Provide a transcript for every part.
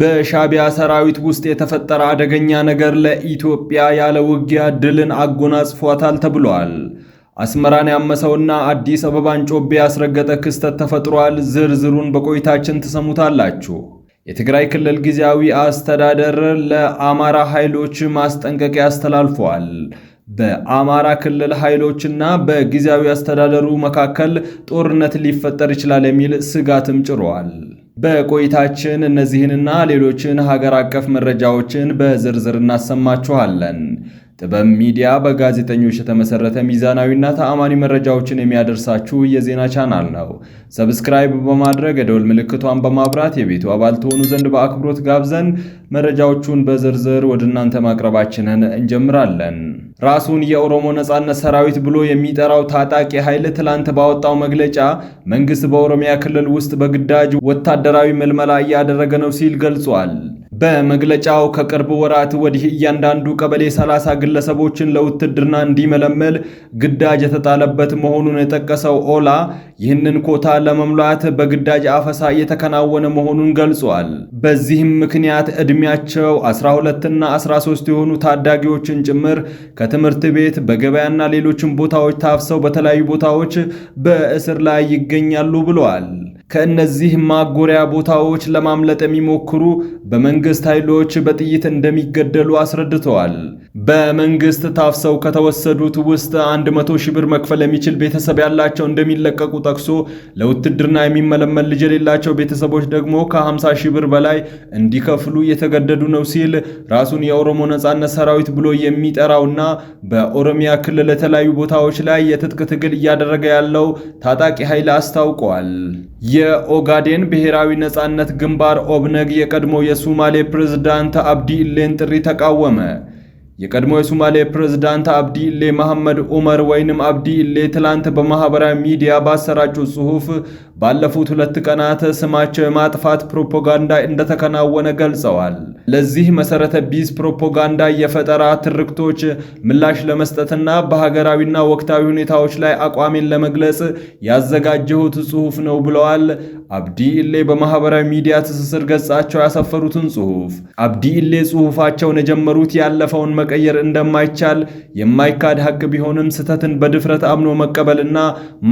በሻቢያ ሰራዊት ውስጥ የተፈጠረ አደገኛ ነገር ለኢትዮጵያ ያለ ውጊያ ድልን አጎናጽፏታል ተብሏል። አስመራን ያመሰውና አዲስ አበባን ጮቤ ያስረገጠ ክስተት ተፈጥሯል። ዝርዝሩን በቆይታችን ትሰሙታላችሁ። የትግራይ ክልል ጊዜያዊ አስተዳደር ለአማራ ኃይሎች ማስጠንቀቂያ አስተላልፏል። በአማራ ክልል ኃይሎችና በጊዜያዊ አስተዳደሩ መካከል ጦርነት ሊፈጠር ይችላል የሚል ስጋትም ጭሯል። በቆይታችን እነዚህንና ሌሎችን ሀገር አቀፍ መረጃዎችን በዝርዝር እናሰማችኋለን። ጥበብ ሚዲያ በጋዜጠኞች የተመሰረተ ሚዛናዊና ተአማኒ መረጃዎችን የሚያደርሳችሁ የዜና ቻናል ነው። ሰብስክራይብ በማድረግ የደወል ምልክቷን በማብራት የቤቱ አባል ትሆኑ ዘንድ በአክብሮት ጋብዘን መረጃዎቹን በዝርዝር ወደ እናንተ ማቅረባችንን እንጀምራለን። ራሱን የኦሮሞ ነጻነት ሰራዊት ብሎ የሚጠራው ታጣቂ ኃይል ትላንት ባወጣው መግለጫ መንግስት በኦሮሚያ ክልል ውስጥ በግዳጅ ወታደራዊ ምልመላ እያደረገ ነው ሲል ገልጿል። በመግለጫው ከቅርብ ወራት ወዲህ እያንዳንዱ ቀበሌ 30 ግለሰቦችን ለውትድርና እንዲመለመል ግዳጅ የተጣለበት መሆኑን የጠቀሰው ኦላ ይህንን ኮታ ለመሙላት በግዳጅ አፈሳ እየተከናወነ መሆኑን ገልጿል። በዚህም ምክንያት ዕድሜያቸው 12ና 13 የሆኑ ታዳጊዎችን ጭምር ከትምህርት ቤት በገበያና ሌሎችም ቦታዎች ታፍሰው በተለያዩ ቦታዎች በእስር ላይ ይገኛሉ ብለዋል። ከእነዚህ ማጎሪያ ቦታዎች ለማምለጥ የሚሞክሩ በመንግስት ኃይሎች በጥይት እንደሚገደሉ አስረድተዋል። በመንግስት ታፍሰው ከተወሰዱት ውስጥ 100 ሺህ ብር መክፈል የሚችል ቤተሰብ ያላቸው እንደሚለቀቁ ጠቅሶ ለውትድርና የሚመለመል ልጅ የሌላቸው ቤተሰቦች ደግሞ ከ50 ሺህ ብር በላይ እንዲከፍሉ የተገደዱ ነው ሲል ራሱን የኦሮሞ ነጻነት ሰራዊት ብሎ የሚጠራውና በኦሮሚያ ክልል የተለያዩ ቦታዎች ላይ የትጥቅ ትግል እያደረገ ያለው ታጣቂ ኃይል አስታውቀዋል። የኦጋዴን ብሔራዊ ነጻነት ግንባር ኦብነግ የቀድሞ የሶማሌ ፕሬዝዳንት አብዲ ኢሌን ጥሪ ተቃወመ። የቀድሞ የሶማሌ ፕሬዝዳንት አብዲ ኢሌ መሐመድ ዑመር ወይንም አብዲ ኢሌ ትላንት በማህበራዊ ሚዲያ ባሰራጩት ጽሑፍ ባለፉት ሁለት ቀናት ስማቸው የማጥፋት ፕሮፓጋንዳ እንደተከናወነ ገልጸዋል። ለዚህ መሰረተ ቢስ ፕሮፓጋንዳ የፈጠራ ትርክቶች ምላሽ ለመስጠትና በሀገራዊና ወቅታዊ ሁኔታዎች ላይ አቋሜን ለመግለጽ ያዘጋጀሁት ጽሑፍ ነው ብለዋል። አብዲ ኢሌ በማህበራዊ ሚዲያ ትስስር ገጻቸው ያሰፈሩትን ጽሑፍ አብዲ ኢሌ ጽሑፋቸውን የጀመሩት ያለፈውን መቀየር እንደማይቻል የማይካድ ሀቅ ቢሆንም ስህተትን በድፍረት አምኖ መቀበልና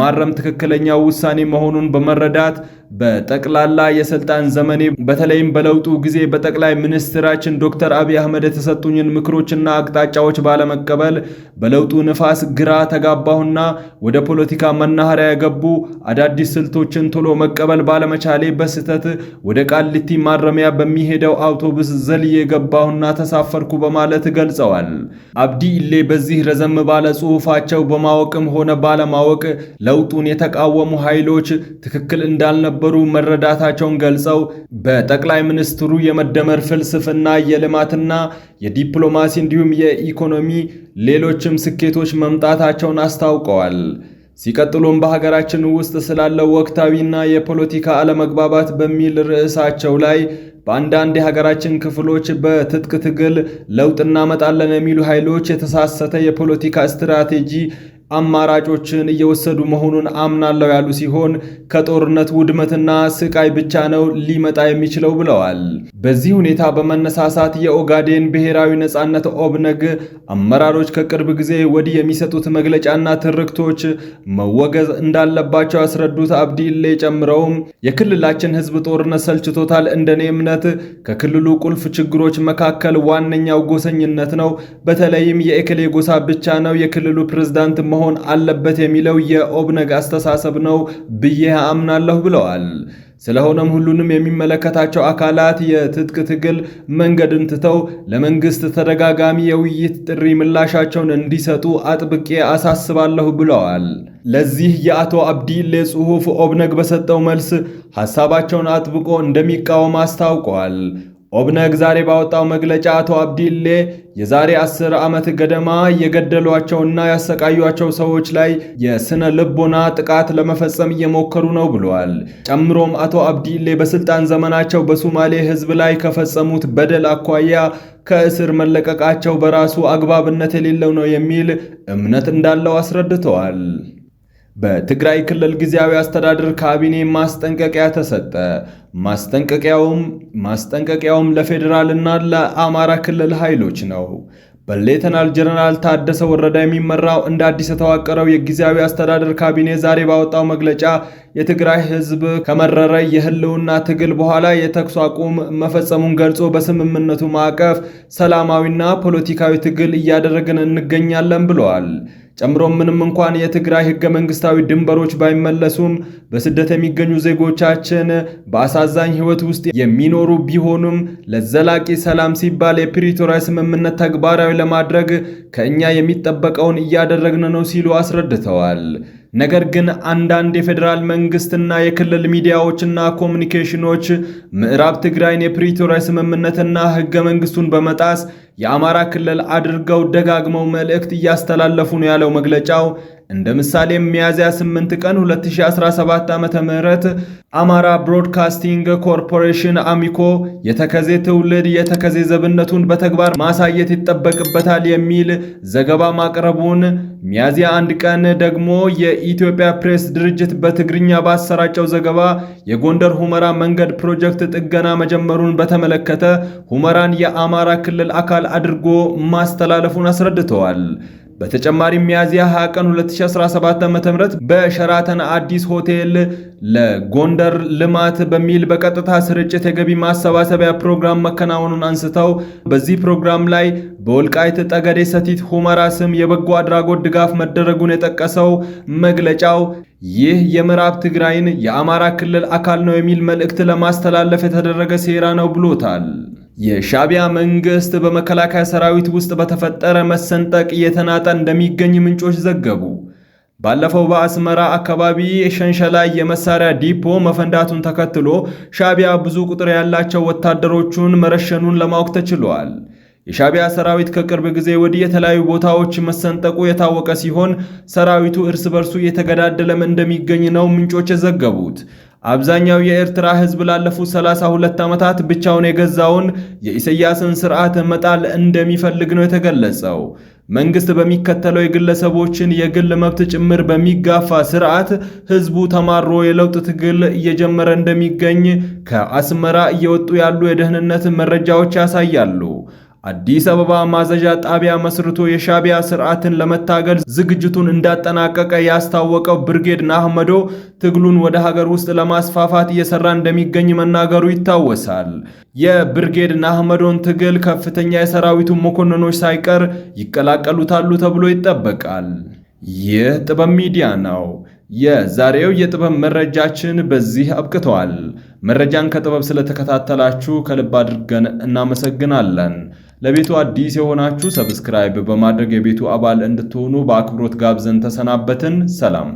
ማረም ትክክለኛው ውሳኔ መሆኑን በመረዳት በጠቅላላ የስልጣን ዘመኔ በተለይም በለውጡ ጊዜ በጠቅላይ ሚኒስትራችን ዶክተር አብይ አህመድ የተሰጡኝን ምክሮችና አቅጣጫዎች ባለመቀበል በለውጡ ንፋስ ግራ ተጋባሁና ወደ ፖለቲካ መናኸሪያ የገቡ አዳዲስ ስልቶችን ቶሎ መቀበል ባለመቻሌ በስህተት ወደ ቃሊቲ ማረሚያ በሚሄደው አውቶቡስ ዘልዬ የገባሁና ተሳፈርኩ በማለት ገልጸዋል። አብዲ ኢሌ በዚህ ረዘም ባለ ጽሑፋቸው በማወቅም ሆነ ባለማወቅ ለውጡን የተቃወሙ ኃይሎች ትክክል እንዳልነበሩ መረዳታቸውን ገልጸው በጠቅላይ ሚኒስትሩ የመደመር ፍልስፍና የልማትና የዲፕሎማሲ እንዲሁም የኢኮኖሚ ሌሎችም ስኬቶች መምጣታቸውን አስታውቀዋል። ሲቀጥሉም በሀገራችን ውስጥ ስላለው ወቅታዊና የፖለቲካ አለመግባባት በሚል ርዕሳቸው ላይ በአንዳንድ የሀገራችን ክፍሎች በትጥቅ ትግል ለውጥ እናመጣለን የሚሉ ኃይሎች የተሳሰተ የፖለቲካ ስትራቴጂ አማራጮችን እየወሰዱ መሆኑን አምናለው ያሉ ሲሆን ከጦርነት ውድመትና ስቃይ ብቻ ነው ሊመጣ የሚችለው ብለዋል። በዚህ ሁኔታ በመነሳሳት የኦጋዴን ብሔራዊ ነጻነት ኦብነግ አመራሮች ከቅርብ ጊዜ ወዲህ የሚሰጡት መግለጫና ትርክቶች መወገዝ እንዳለባቸው ያስረዱት አብዲ ጨምረውም የክልላችን ሕዝብ ጦርነት ሰልችቶታል። እንደኔ እምነት ከክልሉ ቁልፍ ችግሮች መካከል ዋነኛው ጎሰኝነት ነው። በተለይም የኤክሌ ጎሳ ብቻ ነው የክልሉ ፕሬዝዳንት መሆን አለበት የሚለው የኦብነግ አስተሳሰብ ነው ብዬ አምናለሁ ብለዋል። ስለሆነም ሁሉንም የሚመለከታቸው አካላት የትጥቅ ትግል መንገድን ትተው ለመንግስት ተደጋጋሚ የውይይት ጥሪ ምላሻቸውን እንዲሰጡ አጥብቄ አሳስባለሁ ብለዋል። ለዚህ የአቶ አብዲሌ ጽሑፍ ኦብነግ በሰጠው መልስ ሐሳባቸውን አጥብቆ እንደሚቃወም አስታውቋል። ኦብነግ ዛሬ ባወጣው መግለጫ አቶ አብዲሌ የዛሬ አስር ዓመት ገደማ የገደሏቸውና ያሰቃዩቸው ሰዎች ላይ የስነ ልቦና ጥቃት ለመፈጸም እየሞከሩ ነው ብለዋል። ጨምሮም አቶ አብዲሌ በስልጣን ዘመናቸው በሶማሌ ሕዝብ ላይ ከፈጸሙት በደል አኳያ ከእስር መለቀቃቸው በራሱ አግባብነት የሌለው ነው የሚል እምነት እንዳለው አስረድተዋል። በትግራይ ክልል ጊዜያዊ አስተዳደር ካቢኔ ማስጠንቀቂያ ተሰጠ። ማስጠንቀቂያውም ማስጠንቀቂያውም ለፌዴራልና ለአማራ ክልል ኃይሎች ነው። በሌተናል ጀነራል ታደሰ ወረዳ የሚመራው እንደ አዲስ የተዋቀረው የጊዜያዊ አስተዳደር ካቢኔ ዛሬ ባወጣው መግለጫ የትግራይ ሕዝብ ከመረረ የህልውና ትግል በኋላ የተኩስ አቁም መፈጸሙን ገልጾ በስምምነቱ ማዕቀፍ ሰላማዊና ፖለቲካዊ ትግል እያደረግን እንገኛለን ብለዋል። ጨምሮም ምንም እንኳን የትግራይ ህገ መንግስታዊ ድንበሮች ባይመለሱም በስደት የሚገኙ ዜጎቻችን በአሳዛኝ ህይወት ውስጥ የሚኖሩ ቢሆኑም ለዘላቂ ሰላም ሲባል የፕሪቶሪያ ስምምነት ተግባራዊ ለማድረግ ከእኛ የሚጠበቀውን እያደረግን ነው ሲሉ አስረድተዋል። ነገር ግን አንዳንድ የፌዴራል መንግስትና የክልል ሚዲያዎችና ኮሚኒኬሽኖች ምዕራብ ትግራይን የፕሪቶሪያ ስምምነትና ህገ መንግስቱን በመጣስ የአማራ ክልል አድርገው ደጋግመው መልእክት እያስተላለፉ ነው ያለው መግለጫው እንደ ምሳሌ ሚያዝያ 8 ቀን 2017 ም አማራ ብሮድካስቲንግ ኮርፖሬሽን አሚኮ የተከዜ ትውልድ የተከዜ ዘብነቱን በተግባር ማሳየት ይጠበቅበታል የሚል ዘገባ ማቅረቡን፣ ሚያዝያ አንድ ቀን ደግሞ የኢትዮጵያ ፕሬስ ድርጅት በትግርኛ ባሰራጨው ዘገባ የጎንደር ሁመራ መንገድ ፕሮጀክት ጥገና መጀመሩን በተመለከተ ሁመራን የአማራ ክልል አካል አድርጎ ማስተላለፉን አስረድተዋል። በተጨማሪም ሚያዝያ 20 ቀን 2017 ዓ.ም በሸራተን አዲስ ሆቴል ለጎንደር ልማት በሚል በቀጥታ ስርጭት የገቢ ማሰባሰቢያ ፕሮግራም መከናወኑን አንስተው በዚህ ፕሮግራም ላይ በወልቃይት ጠገዴ ሰቲት ሁመራ ስም የበጎ አድራጎት ድጋፍ መደረጉን የጠቀሰው መግለጫው ይህ የምዕራብ ትግራይን የአማራ ክልል አካል ነው የሚል መልእክት ለማስተላለፍ የተደረገ ሴራ ነው ብሎታል። የሻቢያ መንግስት በመከላከያ ሰራዊት ውስጥ በተፈጠረ መሰንጠቅ እየተናጠ እንደሚገኝ ምንጮች ዘገቡ። ባለፈው በአስመራ አካባቢ ሸንሸላይ የመሳሪያ ዲፖ መፈንዳቱን ተከትሎ ሻቢያ ብዙ ቁጥር ያላቸው ወታደሮቹን መረሸኑን ለማወቅ ተችሏል። የሻቢያ ሰራዊት ከቅርብ ጊዜ ወዲህ የተለያዩ ቦታዎች መሰንጠቁ የታወቀ ሲሆን ሰራዊቱ እርስ በርሱ እየተገዳደለም እንደሚገኝ ነው ምንጮች የዘገቡት። አብዛኛው የኤርትራ ሕዝብ ላለፉት 32 ዓመታት ብቻውን የገዛውን የኢሳያስን ስርዓት መጣል እንደሚፈልግ ነው የተገለጸው። መንግስት በሚከተለው የግለሰቦችን የግል መብት ጭምር በሚጋፋ ስርዓት ህዝቡ ተማሮ የለውጥ ትግል እየጀመረ እንደሚገኝ ከአስመራ እየወጡ ያሉ የደህንነት መረጃዎች ያሳያሉ። አዲስ አበባ ማዘዣ ጣቢያ መስርቶ የሻቢያ ስርዓትን ለመታገል ዝግጅቱን እንዳጠናቀቀ ያስታወቀው ብርጌድ ናህመዶ ትግሉን ወደ ሀገር ውስጥ ለማስፋፋት እየሰራ እንደሚገኝ መናገሩ ይታወሳል። የብርጌድ ናህመዶን ትግል ከፍተኛ የሰራዊቱ መኮንኖች ሳይቀር ይቀላቀሉታሉ ተብሎ ይጠበቃል። ይህ ጥበብ ሚዲያ ነው። የዛሬው የጥበብ መረጃችን በዚህ አብቅተዋል። መረጃን ከጥበብ ስለተከታተላችሁ ከልብ አድርገን እናመሰግናለን። ለቤቱ አዲስ የሆናችሁ ሰብስክራይብ በማድረግ የቤቱ አባል እንድትሆኑ በአክብሮት ጋብዘን ተሰናበትን። ሰላም